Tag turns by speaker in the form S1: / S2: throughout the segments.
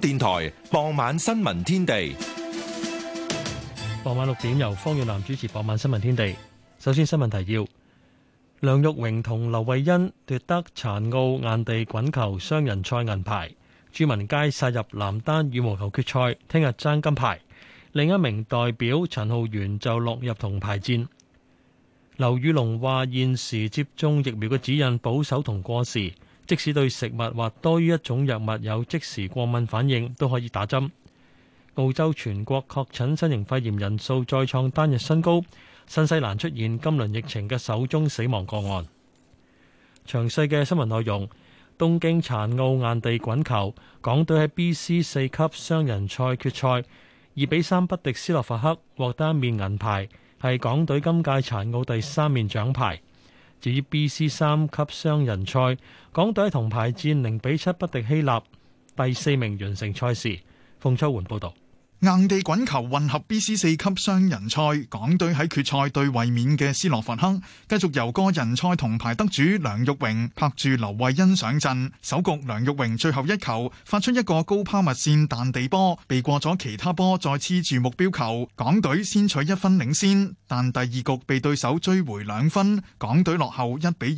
S1: 電台傍晚新聞天地，傍晚六點由方遠南主持。傍晚新聞天地，首先新聞提要：梁玉榮同劉慧欣奪得殘奧硬地滾球雙人賽銀牌，朱文佳殺入男單羽毛球決賽，聽日爭金牌。另一名代表陳浩源就落入銅牌戰。劉宇隆話：現時接種疫苗嘅指引保守同過時。即使對食物或多於一種藥物有即時過敏反應，都可以打針。澳洲全國確診新型肺炎人數再創單日新高。新西蘭出現今輪疫情嘅首宗死亡個案。詳細嘅新聞內容。東京殘奧硬地滾球，港隊喺 BC 四級雙人賽決賽，二比三不敵斯洛伐克，獲得一面銀牌，係港隊今屆殘奧第三面獎牌。至於 B、C 三級雙人賽，港隊喺銅
S2: 牌戰零比七不敵希臘，第四名完成賽事。馮秋緩報道。硬地滾球混合 B、C 四級雙人賽，港隊喺決賽對衛冕嘅斯洛伐克，繼續由個人賽銅牌得主梁玉榮拍住劉慧欣上陣。首局梁玉榮最後一球發出一個高拋物線彈地波，避過咗其他波，再黐住目標球，港隊先取一分領先。但第二局被對手追回兩分，港隊落後一比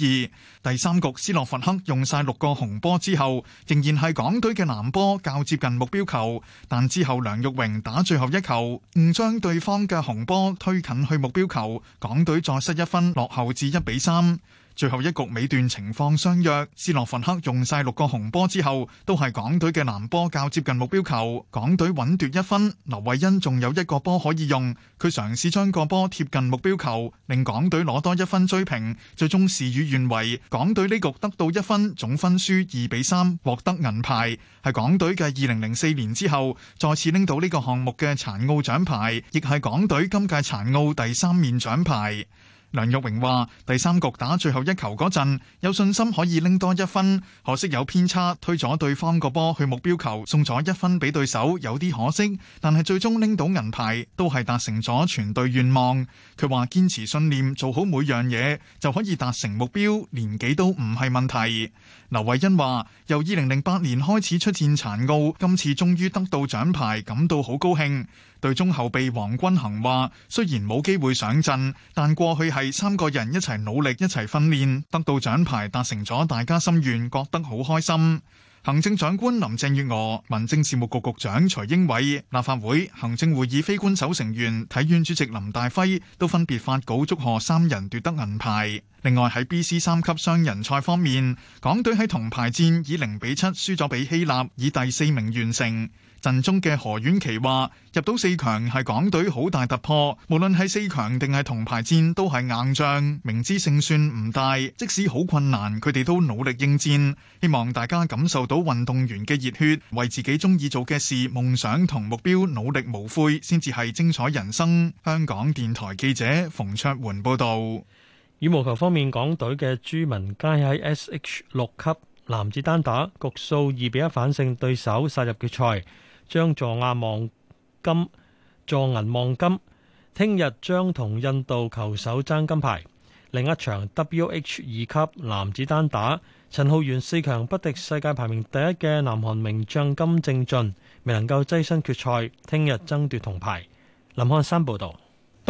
S2: 二。第三局斯洛伐克用晒六個紅波之後，仍然係港隊嘅藍波較接近目標球，但之後梁玉榮，打最後一球，唔將對方嘅紅波推近去目標球，港隊再失一分，落後至一比三。最後一局尾段情況相若，斯洛伐克用晒六個紅波之後，都係港隊嘅藍波較接近目標球，港隊穩奪一分。劉慧欣仲有一個波可以用，佢嘗試將個波貼近目標球，令港隊攞多一分追平。最終事與願違，港隊呢局得到一分，總分輸二比三，獲得銀牌。係港隊嘅二零零四年之後，再次拎到呢個項目嘅殘奧獎牌，亦係港隊今屆殘奧第三面獎牌。梁玉榮話：第三局打最後一球嗰陣，有信心可以拎多一分，可惜有偏差，推咗對方個波去目標球，送咗一分俾對手，有啲可惜。但係最終拎到銀牌，都係達成咗全隊願望。佢話堅持信念，做好每樣嘢就可以達成目標，年紀都唔係問題。劉慧欣話：由二零零八年開始出戰殘奧，今次終於得到獎牌，感到好高興。對中後備黃君衡話：雖然冇機會上陣，但過去係三個人一齊努力，一齊訓練，得到獎牌達成咗大家心願，覺得好開心。行政長官林鄭月娥、民政事務局局長徐英偉、立法會行政會議非官守成員體院主席林大輝都分別發稿，祝賀三人奪得銀牌。另外喺 B、C 三級雙人賽方面，港隊喺銅牌戰以零比七輸咗俾希臘，以第四名完成。陣中嘅何婉琪話：入到四強係港隊好大突破，無論係四強定係銅牌戰都係硬仗，明知勝算唔大，即使好困難，佢哋都努力應戰。希望大家感受到運動員嘅熱血，為自己鍾意做嘅事、夢想同目標努力無悔，先至係精彩人生。香港電台記者馮卓媛報導。羽毛球方面，港隊嘅朱文佳喺 S.H. 六級男
S1: 子單打局數二比一反勝對手，殺入決賽，將座亞望金座銀望金。聽日將同印度球手爭金牌。另一場 W.H. 二級男子單打，陳浩源四強不敵世界排名第一嘅南韓名將金正俊，未能夠躋身決賽，聽日爭奪銅牌。林漢山報道。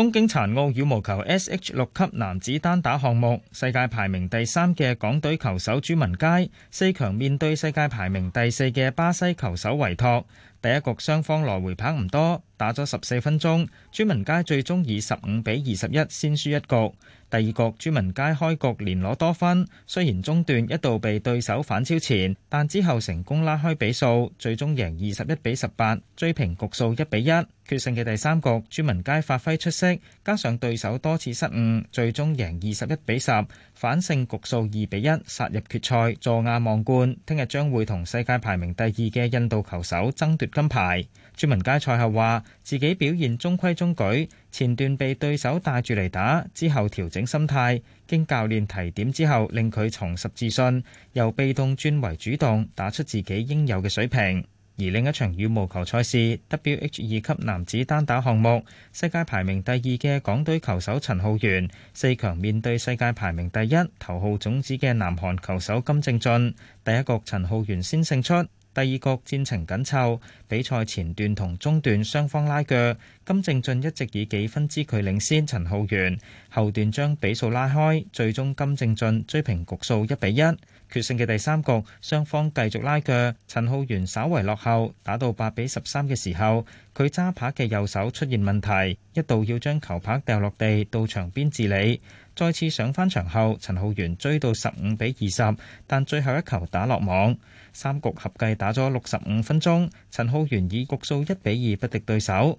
S1: 東京殘奧羽毛球 S.H. 六級
S3: 男子單打項目，世界排名第三嘅港隊球手朱文佳，四強面對世界排名第四嘅巴西球手維托，第一局雙方來回拍唔多。打咗十四分鐘，朱文佳最終以十五比二十一先輸一局。第二局朱文佳開局連攞多分，雖然中段一度被對手反超前，但之後成功拉開比數，最終贏二十一比十八，追平局數一比一。決勝嘅第三局，朱文佳發揮出色，加上對手多次失誤，最終贏二十一比十，反勝局數二比一，殺入決賽坐亞望冠。聽日將會同世界排名第二嘅印度球手爭奪金牌。朱文佳賽後話。自己表現中規中矩，前段被對手帶住嚟打，之後調整心態，經教練提點之後，令佢重拾自信，由被動轉為主動，打出自己應有嘅水平。而另一場羽毛球賽事，W H 二級男子單打項目，世界排名第二嘅港隊球手陳浩源四強面對世界排名第一、頭號種子嘅南韓球手金正俊，第一局陳浩源先勝出。第二局戰程緊湊，比賽前段同中段雙方拉鋸，金正俊一直以幾分之距領先陳浩源，後段將比數拉開，最終金正俊追平局數一比一。決勝嘅第三局，雙方繼續拉鋸，陳浩源稍為落後，打到八比十三嘅時候，佢揸拍嘅右手出現問題，一度要將球拍掉落地，到場邊治理。再次上返場後，陳浩源追到十五比二十，但最後一球打落網。三局合計打咗六十五分鐘，陳浩源以局數一比二不敵對手。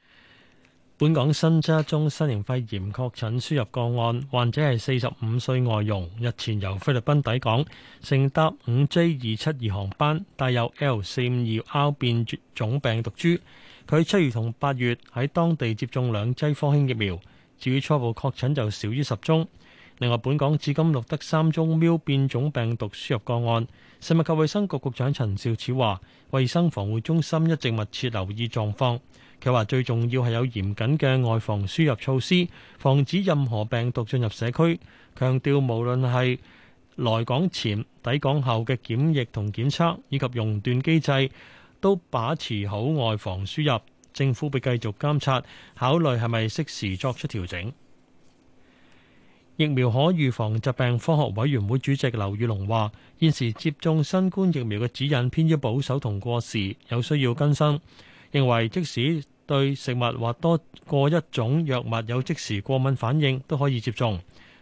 S1: 本港新增一宗新型肺炎確診輸入個案，患者係四十五歲外傭，日前由菲律賓抵港，乘搭五 J 二七二航班帶有 L 四五二 R 變種病毒株。佢七月同八月喺當地接種兩劑科興疫苗，至於初步確診就少於十宗。另外，本港至今錄得三宗 Mu 變種病毒輸入個案。食物及衛生局局長陳肇始話，衛生防護中心一直密切留意狀況。佢話：最重要係有嚴謹嘅外防輸入措施，防止任何病毒進入社區。強調無論係來港前、抵港後嘅檢疫同檢測，以及熔斷機制，都把持好外防輸入。政府會繼續監察，考慮係咪適時作出調整。疫苗可預防疾病科學委員會主席劉宇龍話：現時接種新冠疫苗嘅指引偏於保守同過時，有需要更新。認為即使對食物或多過一種藥物有即時過敏反應都可以接種。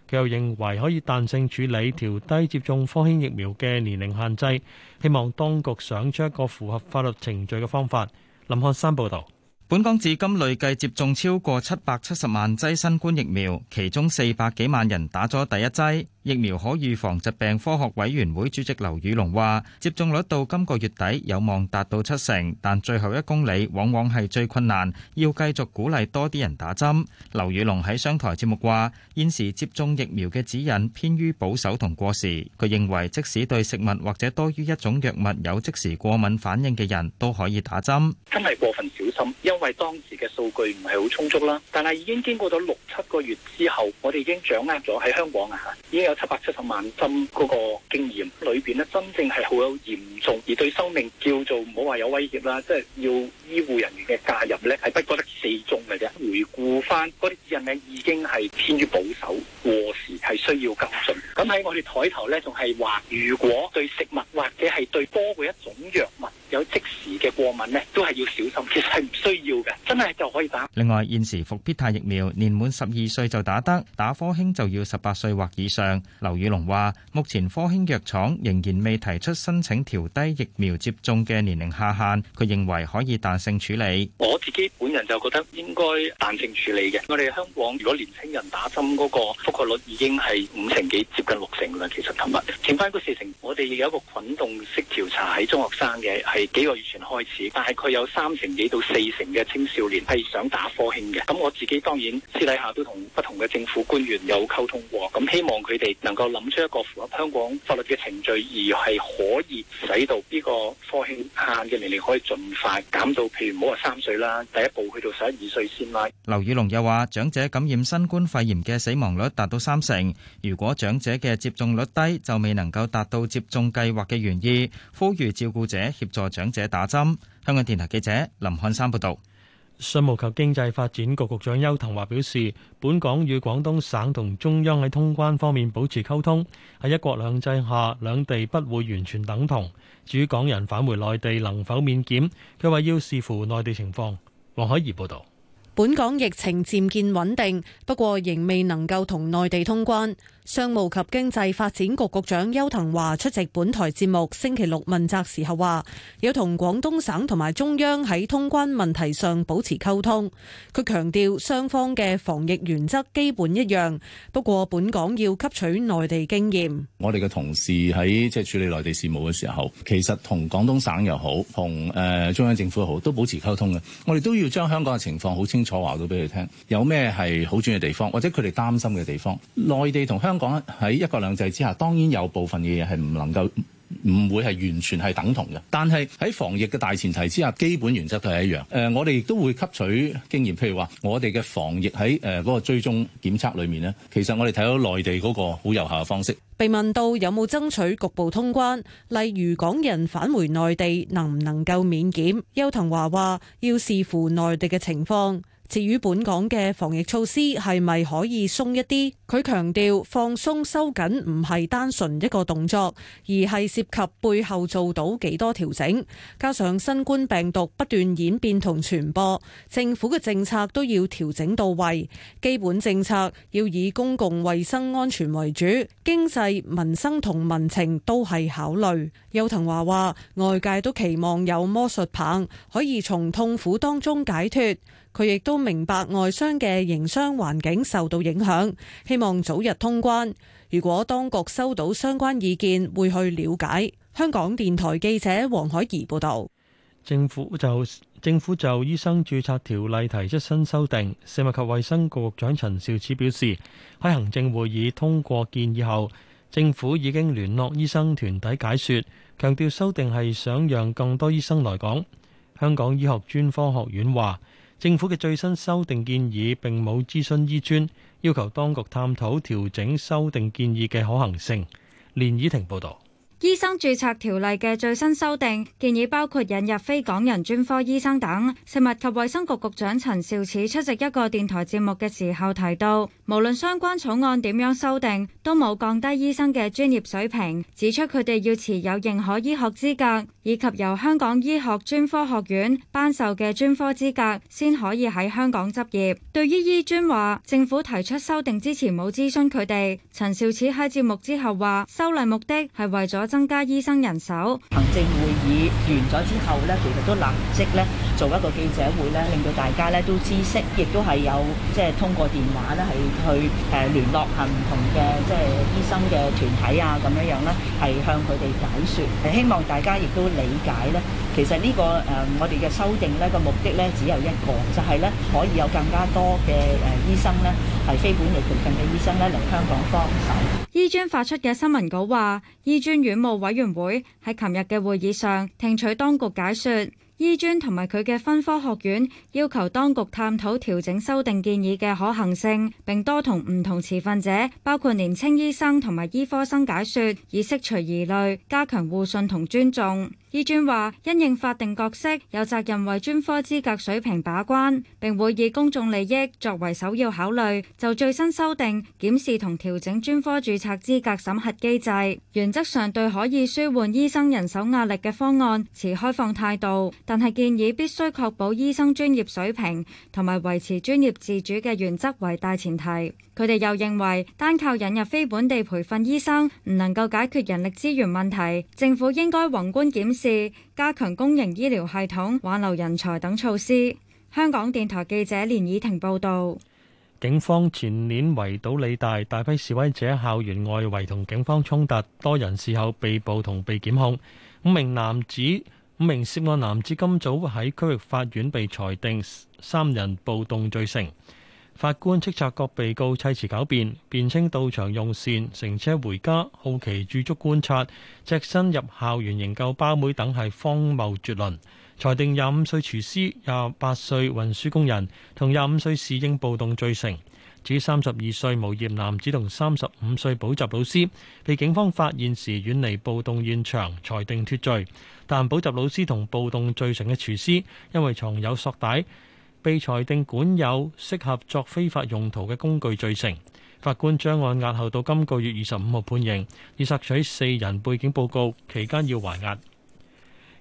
S1: 佢又認為可以彈性處理調低接種科興疫苗嘅年齡限制，希望當局想出一個符合法律程序嘅方法。林漢山報導，本港至今累計接
S3: 種超過七百七十萬劑新冠疫苗，其中四百幾萬人打咗第一劑。疫苗可預防疾病科學委員會主席劉宇龍話：接種率到今個月底有望達到七成，但最後一公里往往係最困難，要繼續鼓勵多啲人打針。劉宇龍喺商台節目話：現時接種疫苗嘅指引偏於保守同過時。佢認為即使對食物或者多於一種藥物有即時過敏反應嘅人都可以打針。
S4: 真係過分小心，因為當時嘅數據唔係好充足啦。但係已經經過咗六七個月之後，我哋已經掌握咗喺香港啊，已經。七百七十萬針嗰個經驗裏邊咧，真正係好有嚴重，而對生命叫做唔好話有威脅啦，即係要醫護人員嘅介入咧，係不覺得四宗嘅啫。回顧翻嗰啲指引咧，已經係偏於保守，過時係需要跟進。咁喺我哋台頭咧，仲係話，如果對食物或者係對多過一種藥物有即時嘅過敏咧，都係要小心。其實係唔需要嘅，真係就可以打。
S3: 另外，現時復必泰疫苗年滿十二歲就打得，打科興就要十八歲或以上。劉宇龍話：目前科興藥廠仍然未提出申請調低疫苗接種嘅年齡下限，佢認為可以彈性處理。
S4: 我自己本人就覺得應該彈性處理嘅。我哋香港如果年輕人打針嗰個覆蓋率已經係五成幾，接近六成嘅喇。其實琴日前番個四成，我哋亦有一個滾動式調查喺中學生嘅，係幾個月前開始，但係佢有三成幾到四成嘅青少年係想打科興嘅。咁我自己當然私底下都同不同嘅政府官員有溝通過，咁希望佢哋。能夠諗出一個符合香港法律嘅程序，而係可以使到呢個科興限嘅年齡可以盡快減到，譬如唔好話三歲啦，第一步去到十一二歲先啦。
S3: 劉宇龍又話，長者感染新冠肺炎嘅死亡率達到三成。如果長者嘅接種率低，就未能夠達到接種計劃嘅原意，呼籲照顧者
S1: 協助長者打針。香港電台記者林漢山報道。商務及經濟發展局局長邱騰華表示，本港與廣東省同中央喺通關方面保持溝通。喺一國兩制下，兩地不會完全等同。至於港人返回內地能否免檢，佢話要視乎內地情況。王海怡報道。
S5: 本港疫情漸見穩定，不過仍未能夠同內地通關。商務及經濟發展局局長邱騰華出席本台節目星期六問責時候話，有同廣東省同埋中央喺通關問題上保持溝通。佢強調雙方嘅防疫原則基本一樣，不過本港要吸取內地經驗。
S4: 我哋嘅同事喺即係處理內地事務嘅時候，其實同廣東省又好，同誒中央政府好，都保持溝通嘅。我哋都要將香港嘅情況好清楚。坐話到俾佢聽，有咩係好轉嘅地方，或者佢哋擔心嘅地方。內地同香港喺一國兩制之下，當然有部分嘅嘢係唔能夠，唔會係完全係等同嘅。但係喺防疫嘅大前提之下，基本原則都係一樣。誒，我哋亦都會吸取經驗，譬如話，我哋嘅防疫喺誒嗰個追蹤檢測裏面呢，其實我哋睇到內地嗰個好有效嘅方式。
S5: 被問到有冇爭取局部通關，例如港人返回內地能唔能夠免檢？邱騰華話要視乎內地嘅情況。至於本港嘅防疫措施係咪可以鬆一啲？佢強調放鬆收緊唔係單純一個動作，而係涉及背後做到幾多調整。加上新冠病毒不斷演變同傳播，政府嘅政策都要調整到位。基本政策要以公共衞生安全為主，經濟民生同民情都係考慮。邱騰華話：外界都期望有魔術棒，可以從痛苦當中解脫。佢亦都明白外商嘅營商環境受到影響，希望早日通關。如果當局收到相關意見，會去了解。香港電台記者黃海怡報道。
S1: 政府就政府就醫生註冊條例提出新修訂。食物及衛生局局長陳肇始始表示，喺行政會議通過建議後，政府已經聯絡醫生團體解說，強調修訂係想讓更多醫生來港。香港醫學專科學院話。政府嘅最新修訂建議並冇諮詢醫專，要求當局探討調整修訂建議嘅可行性。連倚婷報道。
S6: 醫生註冊條例嘅最新修訂建議，包括引入非港人專科醫生等。食物及衛生局局長陳肇始出席一個電台節目嘅時候提到，無論相關草案點樣修訂，都冇降低醫生嘅專業水平。指出佢哋要持有認可醫學資格，以及由香港醫學專科學院頒授嘅專科資格，先可以喺香港執業。對於醫專話，政府提出修訂之前冇諮詢佢哋，陳肇始喺節目之後話，修例目的係為咗。增加醫生人手，行政會議完咗之後呢，其實都立即呢做一個記者會呢令到大家呢都知悉，亦
S7: 都係有即係、就是、通過電話呢係去誒聯絡下唔同嘅即係醫生嘅團體啊，咁樣樣呢係向佢哋解説。希望大家亦都理解呢。其實呢、這個誒我哋嘅修訂呢個目的呢，只有一個，就係、是、呢可以有更加多嘅誒醫生呢係非本地培訓嘅醫生呢嚟香港幫手。
S6: 醫專發出嘅新聞稿話，醫專院務委員會喺琴日嘅會議上聽取當局解說，醫專同埋佢嘅分科學院要求當局探討調整修訂建議嘅可行性，並多同唔同持份者，包括年青醫生同埋醫科生解說，以釋除疑慮，加強互信同尊重。醫專話，因應法定角色，有責任為專科資格水平把關，並會以公眾利益作為首要考慮。就最新修訂、檢視同調整專科註冊資格審核機制，原則上對可以舒緩醫生人手壓力嘅方案持開放態度，但係建議必須確保醫生專業水平同埋維持專業自主嘅原則為大前提。佢哋又認為，單靠引入非本地培訓醫生唔能夠解決人力資源問題，政府應該宏觀檢視。是加強公營醫療系統、挽留人才等措施。香港電台記者連以婷報道。
S1: 警方前年圍堵理大，大批示威者校園外圍同警方衝突，多人事後被捕同被檢控。五名男子，五名涉案男子今早喺區域法院被裁定三人暴動罪成。法官斥責各被告砌詞狡辯，辯稱到場用膳、乘車回家、好奇駐足觀察、隻身入校園營救包妹等係荒謬絕倫。裁定廿五歲廚師、廿八歲運輸工人同廿五歲侍應暴動罪成。指：「三十二歲無業男子同三十五歲補習老師被警方發現時遠離暴動現場，裁定脱罪。但補習老師同暴動罪成嘅廚師，因為藏有索帶，被裁定管有適合作非法用途嘅工具罪成，法官將案押後到今個月二十五號判刑，以索取四人背景報告，期間要還押。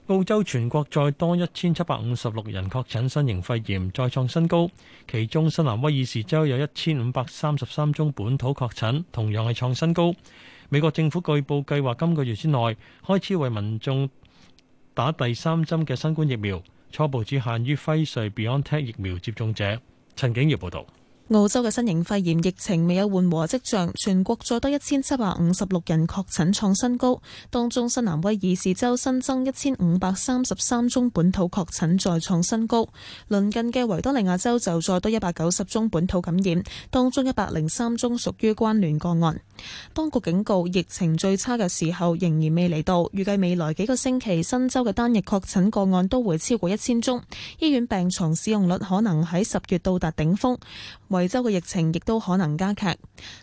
S1: 澳洲全國再多一千七百五十六人確診新型肺炎，再創新高，其中新南威爾士州有一千五百三十三宗本土確診，同樣係創新高。美國政府據報計劃今個月之內開始為民眾打第三針嘅新冠疫苗。初步只限於輝瑞 BeyondTech 疫苗接種者。陳景業報道。
S7: 澳洲嘅新型肺炎疫情未有緩和跡象，全國再多一千七百五十六人確診創新高，當中新南威爾士州新增一千五百三十三宗本土確診再創新高，鄰近嘅維多利亞州就再多一百九十宗本土感染，當中一百零三宗屬於關聯個案。當局警告，疫情最差嘅時候仍然未嚟到，預計未來幾個星期新州嘅單日確診個案都會超過一千宗，醫院病床使用率可能喺十月到達頂峰。惠州嘅疫情亦都可能加劇。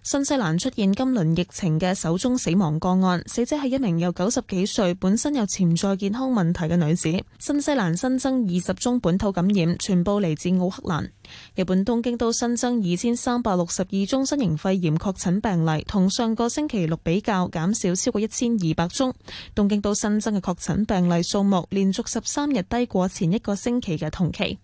S7: 新西蘭出現今輪疫情嘅首宗死亡個案，死者係一名有九十幾歲、本身有潛在健康問題嘅女子。新西蘭新增二十宗本土感染，全部嚟自奧克蘭。日本東京都新增二千三百六十二宗新型肺炎確診病例，同上個星期六比較減少超過一千二百宗。東京都新增嘅確診病例數目連續十三日低過前一個星期嘅同期。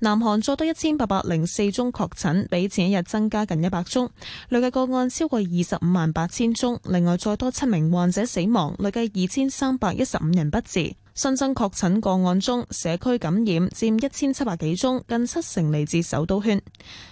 S7: 南韓再多一千八百零四宗確診，比前一日增加近一百宗，累計個案超過二十五萬八千宗。另外再多七名患者死亡，累計二千三百一十五人不治。新增確診個案中，社區感染佔一千七百幾宗，近七成嚟自首都圈。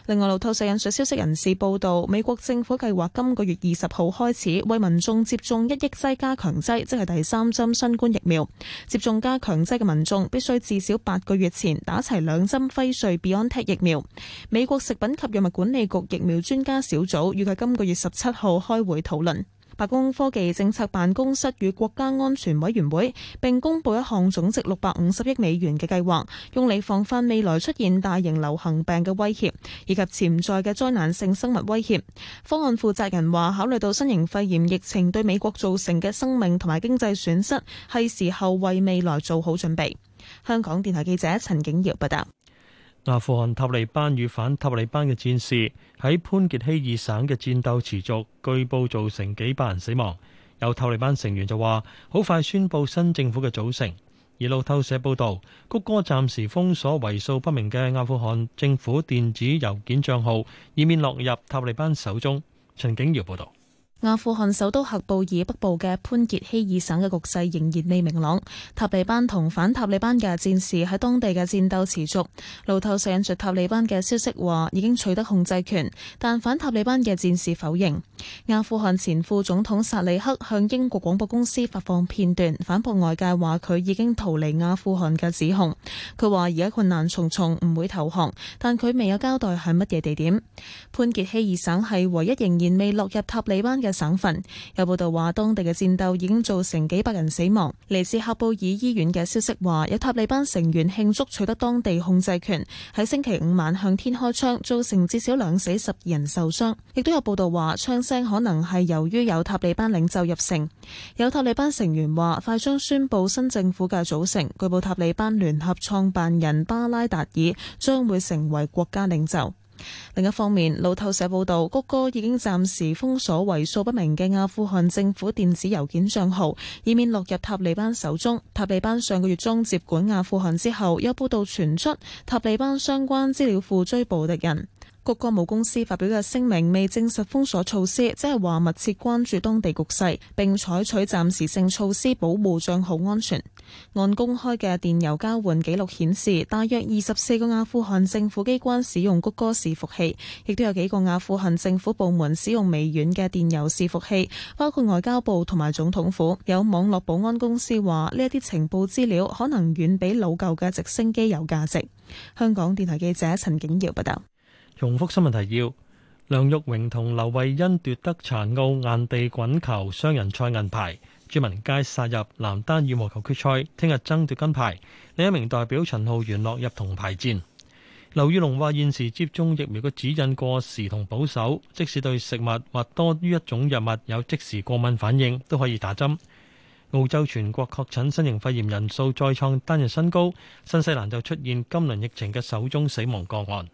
S7: 另外，路透社引述消息人士報道，美國政府計劃今個月二十號開始為民眾接種一億劑加強劑，即係第三針新冠疫苗。接種加強劑嘅民眾必須至少八個月前打齊兩針輝瑞、BioNTech 疫苗。美國食品及藥物管理局疫苗專家小組預計今個月十七號開會討論。白宮科技政策辦公室與國家安全委員會，並公布一項總值六百五十億美元嘅計劃，用嚟防範未來出現大型流行病嘅威脅，以及潛在嘅災難性生物威脅。方案負責人話，考慮到新型肺炎疫情對美國造成嘅生命同埋經濟損失，係時候為未來做好準備。香港電台記者陳景瑤報道。
S1: 阿富汗塔利班與反塔利班嘅戰士喺潘傑希爾省嘅戰鬥持續，據報造成幾百人死亡。有塔利班成員就話，好快宣布新政府嘅組成。而路透社報道，谷歌暫時封鎖為數不明嘅阿富汗政府電子郵件賬號，以免落入塔利班手中。陳景堯報道。
S7: 阿富汗首都喀布爾北部嘅潘傑希爾省嘅局勢仍然未明朗，塔利班同反塔利班嘅戰士喺當地嘅戰鬥持續。路透社引述塔利班嘅消息話已經取得控制權，但反塔利班嘅戰士否認。阿富汗前副總統薩利克向英國廣播公司發放片段，反駁外界話佢已經逃離阿富汗嘅指控。佢話而家困難重重，唔會投降，但佢未有交代喺乜嘢地點，潘傑希爾省係唯一仍然未落入塔利班嘅省份，有報道話，當地嘅戰鬥已經造成幾百人死亡。嚟自喀布爾醫院嘅消息話，有塔利班成員慶祝取得當地控制權，喺星期五晚向天開槍，造成至少兩死十二人受傷。亦都有報道話，槍聲可能係由於有塔利班領袖入城。有塔利班成員話，快將宣布新政府嘅組成。據報塔利班聯合創辦人巴拉達爾將會成為國家領袖。另一方面，路透社報道谷歌已經暫時封鎖為數不明嘅阿富汗政府電子郵件賬號，以免落入塔利班手中。塔利班上個月中接管阿富汗之後，有報道傳出塔利班相關資料庫追捕敵人。谷歌母公司發表嘅聲明未證實封鎖措施，即係話密切關注當地局勢，並採取暫時性措施保護賬號安全。按公開嘅電郵交換記錄顯示，大約二十四個阿富汗政府機關使用谷歌伺服器，亦都有幾個阿富汗政府部門使用微軟嘅電郵伺服器，包括外交部同埋總統府。有網絡保安公司話呢一啲情報資料可能遠比老舊嘅直升機有價值。香港電台記者陳景耀報道。
S1: 重複新聞提要：梁玉榮同劉慧欣奪得殘奧硬地滾球雙人賽銀牌，朱文佳殺入男單羽毛球決賽，聽日爭奪金牌。另一名代表陳浩元落入銅牌戰。劉宇龍話：現時接種疫苗嘅指引過時同保守，即使對食物或多於一種藥物有即時過敏反應，都可以打針。澳洲全國確診新型肺炎人數再創單日新高，新西蘭就出現今輪疫情嘅首宗死亡個案。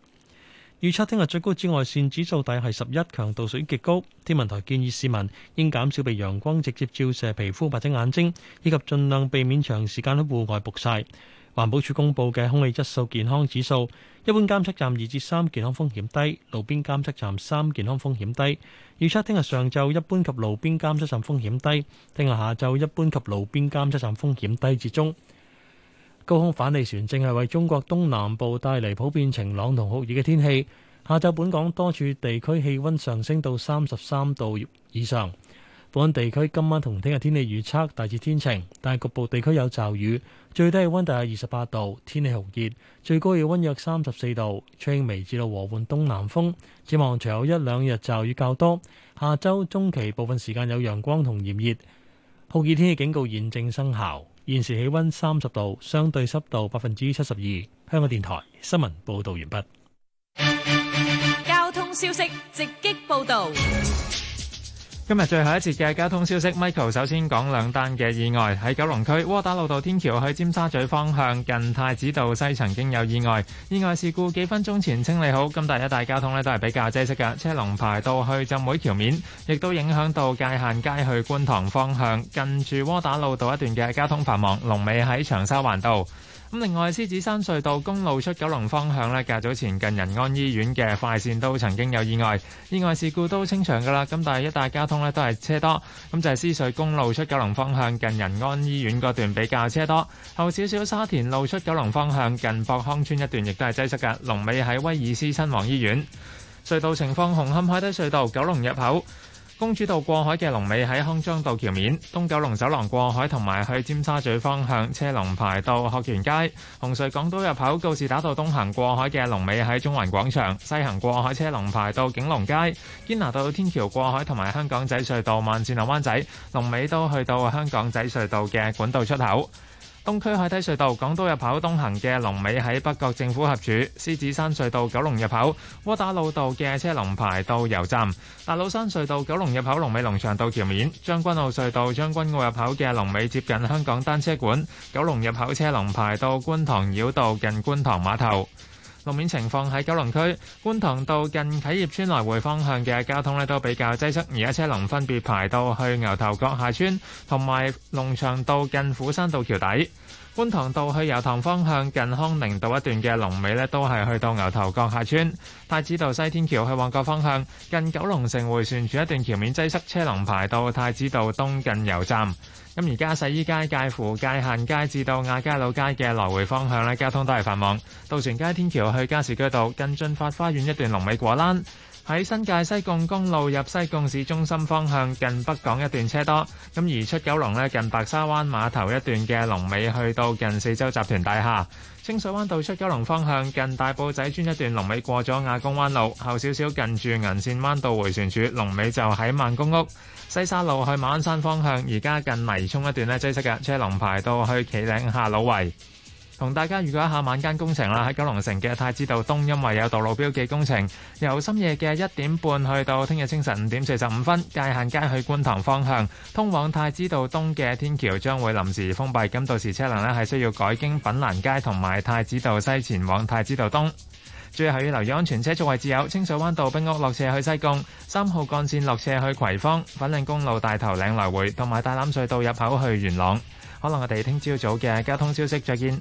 S1: 預測聽日最高紫外線指數大約係十一，強度屬於極高。天文台建議市民應減少被陽光直接照射皮膚或者眼睛，以及盡量避免長時間喺戶外曝曬。環保署公布嘅空氣質素健康指數，一般監測站二至三健康風險低，路邊監測站三健康風險低。預測聽日上晝一般及路邊監測站風險低，聽日下晝一般及路邊監測站風險低至中。高空反氣旋正係為中國東南部帶嚟普遍晴朗同酷熱嘅天氣。下晝本港多處地區氣溫上升到三十三度以上。本地區今晚同聽日天氣預測大致天晴，但局部地區有驟雨。最低嘅溫度係二十八度，天氣酷熱，最高氣溫約三十四度，吹微至到和緩東南風，展望隨有一兩日驟雨較多，下周中期部分時間有陽光同炎熱。酷熱天氣警告現正生效。現時氣溫三十度，相對濕度百分之七十二。香港電台新聞報道完畢。
S7: 交通消息直擊報道。
S1: 今日最後一節
S8: 嘅交通消息，Michael 首先講兩單嘅意外。喺九龍區窩打老道天橋去尖沙咀方向，近太子道西曾經有意外。意外事故幾分鐘前清理好，咁但一帶交通呢都係比較擠塞嘅，車龍排到去浸會橋面，亦都影響到界限街去觀塘方向，近住窩打老道一段嘅交通繁忙，龍尾喺長沙環道。咁另外，獅子山隧道公路出九龍方向呢，較早前近仁安醫院嘅快線都曾經有意外，意外事故都清場噶啦。咁但係一帶交通呢都係車多，咁就係獅隧公路出九龍方向近仁安醫院嗰段比較車多。後少少沙田路出九龍方向近博康村一段亦都係擠塞噶。龍尾喺威爾斯親王醫院。隧道情況，紅磡海底隧道九龍入口。公主道過海嘅龍尾喺康莊道橋面，東九龍走廊過海同埋去尖沙咀方向車龍排到鶴園街，紅隧港島入口告士打道東行過海嘅龍尾喺中環廣場，西行過海車龍排到景隆街，堅拿道天橋過海同埋香港仔隧道慢線落灣仔，龍尾都去到香港仔隧道嘅管道出口。東區海底隧道港島入口東行嘅龍尾喺北角政府合署；獅子山隧道九龍入口窩打老道嘅車龍排到油站；大老山隧道九龍入口龍尾，龍翔道橋面；將軍澳隧道將軍澳入口嘅龍尾接近香港單車館；九龍入口車龍排到觀塘繞道近觀塘碼頭。路面情況喺九龍區觀塘道近啟業邨來回方向嘅交通咧，都比較擠塞，而家車龍分別排到去牛頭角下邨同埋龍翔道近虎山道橋底。觀塘道去油塘方向，近康寧道一段嘅龍尾咧，都係去到牛頭角下村；太子道西天橋去旺角方向，近九龍城回旋處一段橋面擠塞車龍，車龍排到太子道東近油站。咁而家洗衣街介乎界限街至到亞皆老街嘅來回方向咧，交通都係繁忙。渡船街天橋去加士居道近駿發花園一段龍尾果欄。喺新界西貢公路入西貢市中心方向，近北港一段車多咁。而出九龍咧，近白沙灣碼頭一段嘅龍尾去到近四洲集團大廈。清水灣道出九龍方向，近大埔仔村一段龍尾過咗亞公灣路後少少，近住銀線灣道回旋處龍尾就喺孟公屋。西沙路去馬鞍山方向，而家近泥涌一段呢，擠塞嘅車龍排到去企嶺下老圍。同大家預告一下晚間工程啦，喺九龍城嘅太子道東，因為有道路標記工程，由深夜嘅一點半去到聽日清晨五點四十五分，界限街去觀塘方向，通往太子道東嘅天橋將會臨時封閉。咁到時車輛呢係需要改經品蘭街同埋太子道西前往太子道東。最後要留意安全車速位置有清水灣道兵屋落斜去西貢、三號幹線落斜去葵芳、粉嶺公路大頭嶺來回同埋大欖隧道入口去元朗。可能我哋聽朝早嘅交通消息再
S4: 見。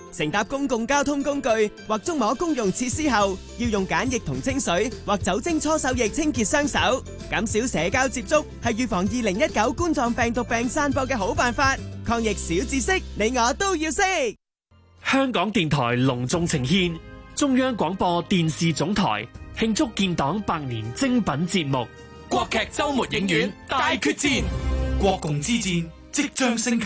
S7: 乘搭公共交通工具或觸摸公用設施後，要用梘液同清水或酒精搓手液清潔雙手，減少社交接觸，係預防二零一九冠狀病毒病散播嘅好辦法。抗疫小知識，你我都要識。香
S1: 港電台隆重呈現中央廣播電視總台慶祝建黨百年精品節目《國劇週末影院》大決戰，國共
S4: 之戰即將升級。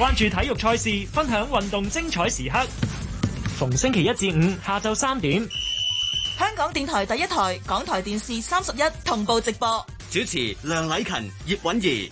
S7: 關注體育賽事，分享運動精
S8: 彩時刻。逢星期一至五下晝三點，
S7: 香港電台第
S5: 一台、港台電視三十一同步直播。
S8: 主持：梁禮勤、葉韻儀。